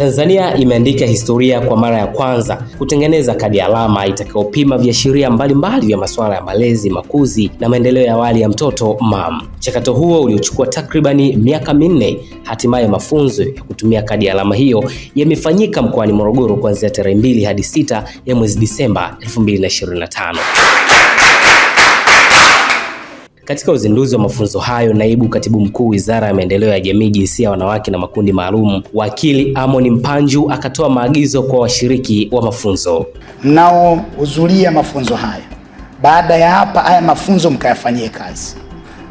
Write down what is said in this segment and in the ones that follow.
Tanzania imeandika historia kwa mara ya kwanza kutengeneza kadi alama itakayopima viashiria mbalimbali vya masuala ya malezi, makuzi na maendeleo ya awali ya mtoto MAM. Mchakato huo uliochukua takribani miaka minne, hatimaye mafunzo ya kutumia kadi alama hiyo yamefanyika mkoani Morogoro kuanzia tarehe mbili hadi sita ya mwezi Disemba 2025. Katika uzinduzi wa mafunzo hayo, naibu katibu mkuu Wizara ya Maendeleo ya Jamii, Jinsia Wanawake na Makundi Maalum, Wakili Amon Mpanju akatoa maagizo kwa washiriki wa mafunzo mnaohudhuria mafunzo haya. Baada ya hapa, haya mafunzo mkayafanyie kazi.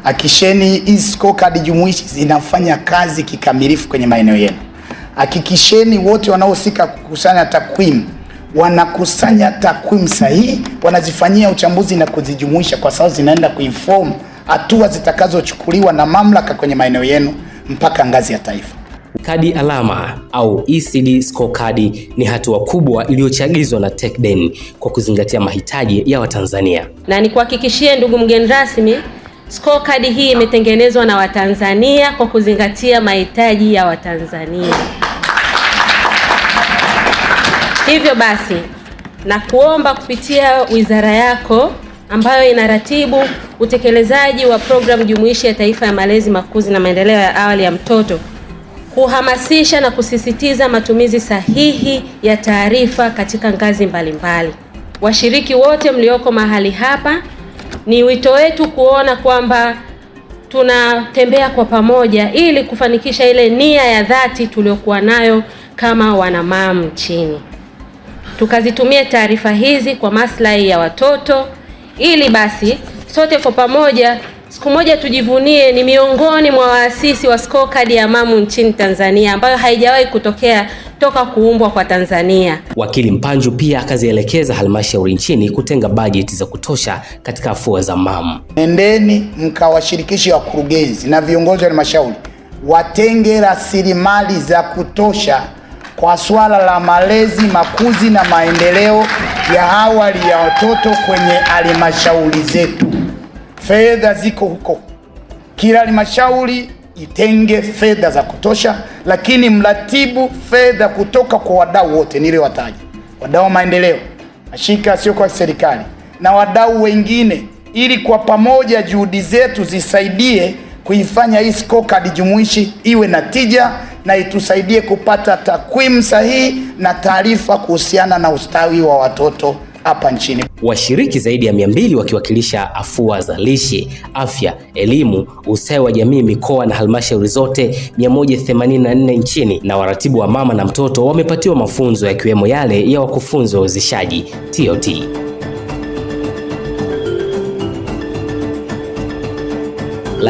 Hakikisheni hizi scorecard jumuishi zinafanya kazi kikamilifu kwenye maeneo yenu. Hakikisheni wote wanaohusika kukusanya takwimu wanakusanya takwimu sahihi, wanazifanyia uchambuzi na kuzijumuisha, kwa sababu zinaenda kuinform hatua zitakazochukuliwa na mamlaka kwenye maeneo yenu mpaka ngazi ya taifa. Kadi alama au ECD scorecard ni hatua kubwa iliyochagizwa na TechDen kwa kuzingatia mahitaji ya Watanzania, na nikuhakikishie ndugu mgeni rasmi, scorecard hii imetengenezwa na Watanzania kwa kuzingatia mahitaji ya Watanzania. Hivyo basi, na kuomba kupitia wizara yako ambayo inaratibu utekelezaji wa programu jumuishi ya taifa ya malezi, makuzi na maendeleo ya awali ya mtoto, kuhamasisha na kusisitiza matumizi sahihi ya taarifa katika ngazi mbalimbali mbali. Washiriki wote mlioko mahali hapa, ni wito wetu kuona kwamba tunatembea kwa pamoja ili kufanikisha ile nia ya dhati tuliyokuwa nayo kama wanamamu nchini. Tukazitumie taarifa hizi kwa maslahi ya watoto ili basi sote kwa pamoja siku moja tujivunie ni miongoni mwa waasisi wa scorecard ya mamu nchini Tanzania ambayo haijawahi kutokea toka kuumbwa kwa Tanzania. Wakili Mpanju pia akazielekeza halmashauri nchini kutenga bajeti za kutosha katika afua za mamu. Nendeni mkawashirikishe wakurugenzi na viongozi wa halmashauri watenge rasilimali za kutosha kwa suala la malezi, makuzi na maendeleo ya awali ya watoto kwenye halmashauri zetu. Fedha ziko huko, kila halmashauri itenge fedha za kutosha, lakini mratibu fedha kutoka kwa wadau wote niliowataja, wadau wa maendeleo, mashirika sio kwa serikali na wadau wengine, ili kwa pamoja juhudi zetu zisaidie kuifanya hii scorecard jumuishi iwe na tija na itusaidie kupata takwimu sahihi na taarifa kuhusiana na ustawi wa watoto hapa nchini. Washiriki zaidi ya 200 wakiwakilisha afua za lishe, afya, elimu, ustawi wa jamii mikoa na halmashauri zote 184 nchini na waratibu wa mama na mtoto wamepatiwa mafunzo yakiwemo yale ya wakufunzi wa uzishaji TOT.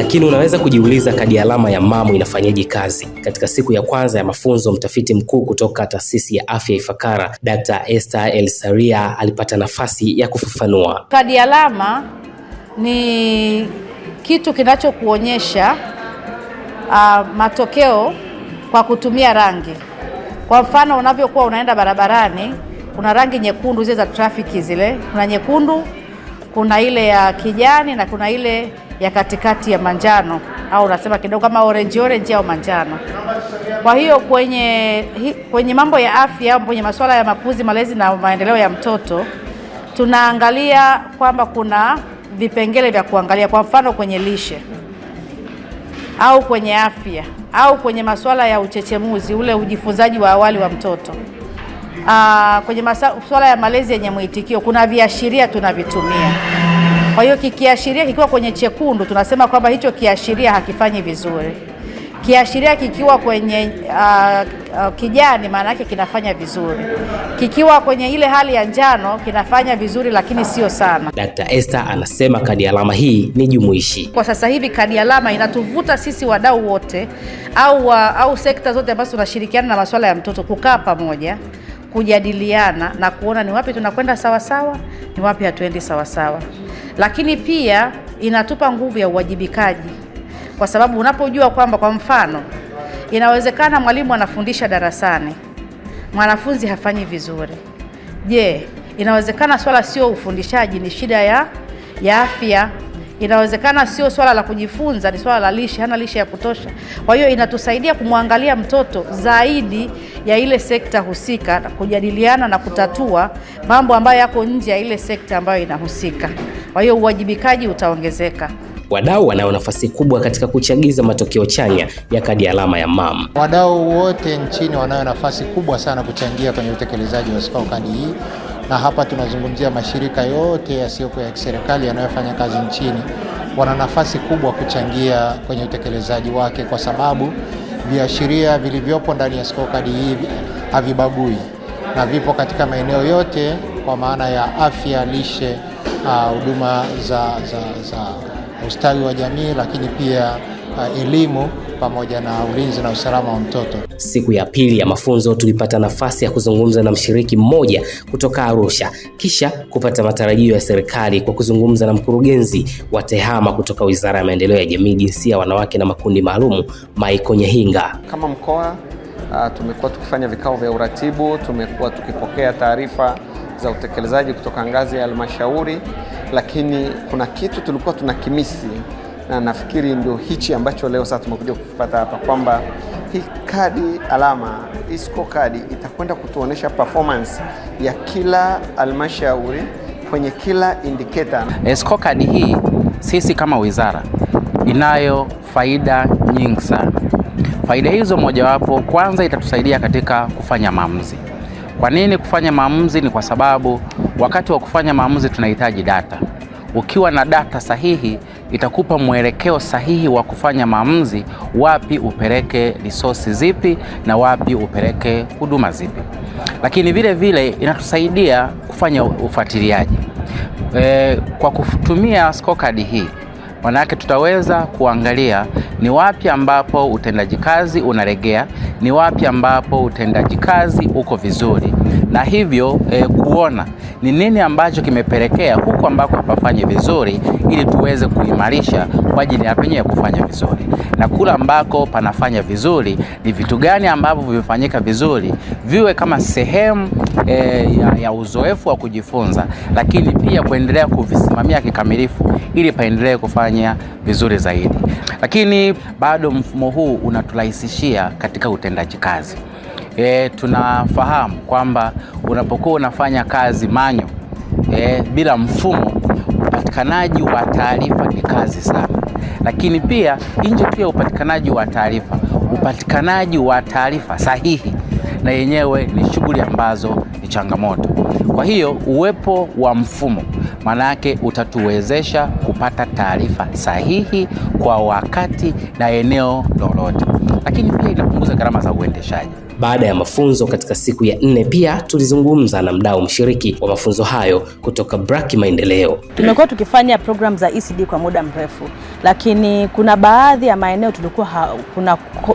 Lakini unaweza kujiuliza kadi alama ya MAMU inafanyaje kazi? Katika siku ya kwanza ya mafunzo, mtafiti mkuu kutoka taasisi ya afya Ifakara, Dr. Esther Elsaria alipata nafasi ya kufafanua. Kadi alama ni kitu kinachokuonyesha uh, matokeo kwa kutumia rangi. Kwa mfano, unavyokuwa unaenda barabarani, kuna rangi nyekundu zile za trafiki zile, kuna nyekundu kuna ile ya kijani na kuna ile ya katikati ya manjano, au unasema kidogo kama orange orange au manjano. Kwa hiyo kwenye, kwenye mambo ya afya au kwenye masuala ya makuzi, malezi na maendeleo ya mtoto tunaangalia kwamba kuna vipengele vya kuangalia, kwa mfano kwenye lishe au kwenye afya au kwenye masuala ya uchechemuzi, ule ujifunzaji wa awali wa mtoto uh, kwenye masuala ya malezi yenye mwitikio kuna viashiria tunavitumia. Kwa hiyo kikiashiria kikiwa kwenye chekundu, tunasema kwamba hicho kiashiria hakifanyi vizuri. Kiashiria kikiwa kwenye uh, kijani, maana yake kinafanya vizuri. Kikiwa kwenye ile hali ya njano, kinafanya vizuri, lakini sio sana. Dkt. Esther anasema kadi alama hii ni jumuishi. Kwa sasa hivi kadi alama inatuvuta sisi wadau wote au, au sekta zote ambazo tunashirikiana na masuala ya mtoto kukaa pamoja kujadiliana na kuona ni wapi tunakwenda sawasawa, ni wapi hatuendi sawasawa. Lakini pia inatupa nguvu ya uwajibikaji, kwa sababu unapojua kwamba, kwa mfano, inawezekana mwalimu anafundisha darasani, mwanafunzi hafanyi vizuri. Je, inawezekana swala sio ufundishaji, ni shida ya ya afya inawezekana sio swala la kujifunza, ni swala la lishe, hana lishe ya kutosha. Kwa hiyo inatusaidia kumwangalia mtoto zaidi ya ile sekta husika, kujadiliana na kutatua mambo ambayo yako nje ya ile sekta ambayo inahusika. Kwa hiyo uwajibikaji utaongezeka. Wadau wanayo nafasi kubwa katika kuchagiza matokeo chanya ya kadi alama ya mam Wadau wote nchini wanayo nafasi kubwa sana kuchangia kwenye utekelezaji wa kadi hii na hapa tunazungumzia mashirika yote yasiyokuwa ya kiserikali yanayofanya kazi nchini, wana nafasi kubwa kuchangia kwenye utekelezaji wake, kwa sababu viashiria vilivyopo ndani ya scorecard hii havibagui na vipo katika maeneo yote, kwa maana ya afya, lishe, ah, huduma uh, za, za, za ustawi wa jamii, lakini pia uh, elimu pamoja na ulinzi na usalama wa mtoto. Siku ya pili ya mafunzo tulipata nafasi ya kuzungumza na mshiriki mmoja kutoka Arusha, kisha kupata matarajio ya serikali kwa kuzungumza na mkurugenzi wa TEHAMA kutoka Wizara ya Maendeleo ya Jamii, Jinsia, Wanawake na Makundi Maalum, Maiko Nyehinga. Kama mkoa uh, tumekuwa tukifanya vikao vya uratibu, tumekuwa tukipokea taarifa za utekelezaji kutoka ngazi ya halmashauri, lakini kuna kitu tulikuwa tunakimisi na nafikiri ndio hichi ambacho leo sasa tumekuja kupata hapa kwamba hii kadi alama hii scorecard itakwenda kutuonesha performance ya kila halmashauri kwenye kila indicator. Eh, scorecard hii sisi kama wizara inayo faida nyingi sana. Faida hizo mojawapo, kwanza itatusaidia katika kufanya maamuzi. Kwa nini kufanya maamuzi? Ni kwa sababu wakati wa kufanya maamuzi tunahitaji data. Ukiwa na data sahihi itakupa mwelekeo sahihi wa kufanya maamuzi, wapi upeleke risosi zipi na wapi upeleke huduma zipi. Lakini vile vile inatusaidia kufanya ufuatiliaji e, kwa kutumia scorecard hii, maana yake tutaweza kuangalia ni wapi ambapo utendaji kazi unaregea? Ni wapi ambapo utendaji kazi uko vizuri? Na hivyo e, kuona ni nini ambacho kimepelekea huku ambako hapafanyi vizuri, ili tuweze kuimarisha kwa ajili ya penye ya kufanya vizuri, na kula ambako panafanya vizuri ni vitu gani ambavyo vimefanyika vizuri, viwe kama sehemu e, ya, ya uzoefu wa kujifunza, lakini pia kuendelea kuvisimamia kikamilifu, ili paendelee kufanya vizuri zaidi, lakini bado mfumo huu unaturahisishia katika utendaji kazi. E, tunafahamu kwamba unapokuwa unafanya kazi manyo e, bila mfumo, upatikanaji wa taarifa ni kazi sana, lakini pia nje pia upatikanaji wa taarifa, upatikanaji wa taarifa sahihi na yenyewe ni shughuli ambazo ni changamoto. Kwa hiyo uwepo wa mfumo maana yake utatuwezesha kupata taarifa sahihi kwa wakati na eneo lolote, lakini pia inapunguza gharama za uendeshaji. Baada ya mafunzo katika siku ya nne, pia tulizungumza na mdau mshiriki wa mafunzo hayo kutoka Braki Maendeleo. Tumekuwa tukifanya program za ECD kwa muda mrefu, lakini kuna baadhi ya maeneo tulikuwa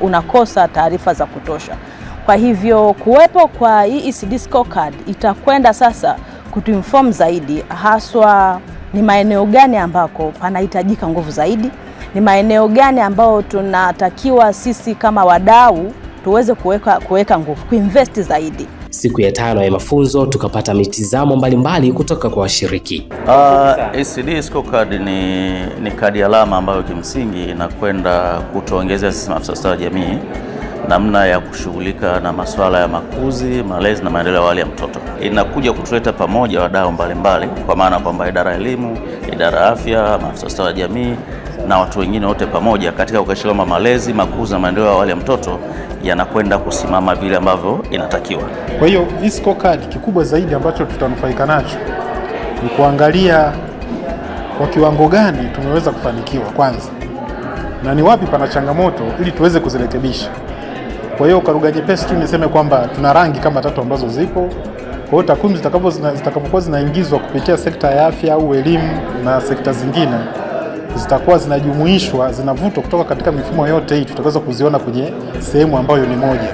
unakosa taarifa za kutosha. Kwa hivyo kuwepo kwa hii e ECD scorecard itakwenda sasa kutuinform zaidi haswa ni maeneo gani ambako panahitajika nguvu zaidi, ni maeneo gani ambayo tunatakiwa sisi kama wadau tuweze kuweka kuweka nguvu, kuinvest zaidi. Siku ya tano ya mafunzo tukapata mitizamo mbalimbali kutoka kwa washiriki. Uh, ah, ECD scorecard ni, ni kadi alama ambayo kimsingi inakwenda kutuongezea sisi maafisa ustawi wa jamii namna ya kushughulika na masuala ya makuzi, malezi na maendeleo ya awali ya mtoto. Inakuja kutuleta pamoja wadau mbalimbali, kwa maana kwamba idara ya elimu, idara ya afya, maafisa ustawi wa jamii na watu wengine wote pamoja katika kuhakikisha kwamba malezi, makuzi na maendeleo ya awali ya mtoto yanakwenda kusimama vile ambavyo inatakiwa. Kwa hiyo hii scorecard, kikubwa zaidi ambacho tutanufaika nacho ni kuangalia kwa kiwango gani tumeweza kufanikiwa kwanza, na ni wapi pana changamoto ili tuweze kuzirekebisha. Kwa hiyo kwa lugha nyepesi tu niseme kwamba tuna rangi kama tatu ambazo zipo. Kwa hiyo takwimu zitakapokuwa zinaingizwa kupitia sekta ya afya au elimu na sekta zingine zitakuwa zinajumuishwa, zinavutwa kutoka katika mifumo yote hii, tutaweza kuziona kwenye sehemu ambayo ni moja.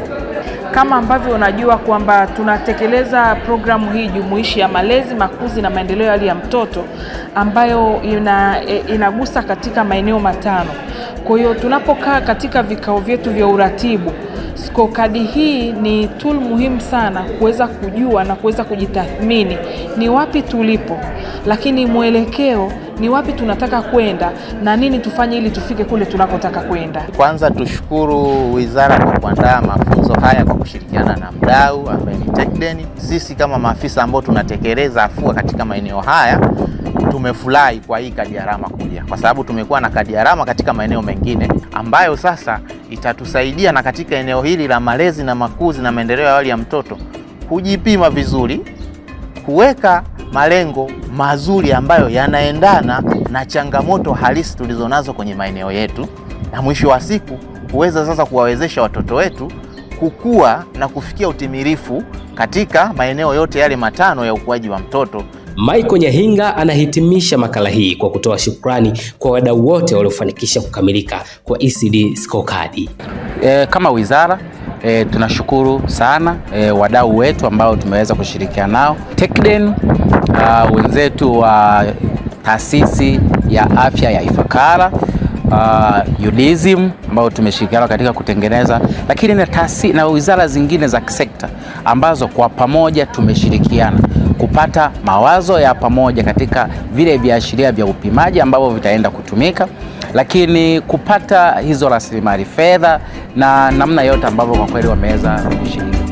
Kama ambavyo unajua kwamba tunatekeleza programu hii jumuishi ya malezi, makuzi na maendeleo ya hali ya mtoto ambayo ina, e, inagusa katika maeneo matano. Kwa hiyo tunapokaa katika vikao vyetu vya uratibu kwa kadi hii ni tool muhimu sana kuweza kujua na kuweza kujitathmini ni wapi tulipo, lakini mwelekeo ni wapi tunataka kwenda na nini tufanye ili tufike kule tunakotaka kwenda. Kwanza tushukuru wizara kwa kuandaa mafunzo haya kwa kushirikiana na mdau ambaye ni TECDEN. Sisi kama maafisa ambao tunatekeleza afua katika maeneo haya tumefurahi kwa hii kadi ya rama kuja, kwa sababu tumekuwa na kadi ya rama katika maeneo mengine ambayo sasa itatusaidia na katika eneo hili la malezi na makuzi na maendeleo ya awali ya mtoto kujipima vizuri, kuweka malengo mazuri ambayo yanaendana na changamoto halisi tulizonazo kwenye maeneo yetu, na mwisho wa siku kuweza sasa kuwawezesha watoto wetu kukua na kufikia utimilifu katika maeneo yote yale matano ya ukuaji wa mtoto Michael Nyahinga anahitimisha makala hii kwa kutoa shukrani kwa wadau wote waliofanikisha kukamilika kwa ECD scorecard. E, kama wizara e, tunashukuru sana e, wadau wetu ambao tumeweza kushirikiana nao Tekden, uh, wenzetu wa uh, taasisi ya afya ya Ifakara Uh, ah, UDSM ambao tumeshirikiana katika kutengeneza, lakini na taasisi na wizara zingine za kisekta ambazo kwa pamoja tumeshirikiana kupata mawazo ya pamoja katika vile viashiria vya upimaji ambavyo vitaenda kutumika, lakini kupata hizo rasilimali fedha na namna yote ambavyo kwa kweli wameweza kushiriki.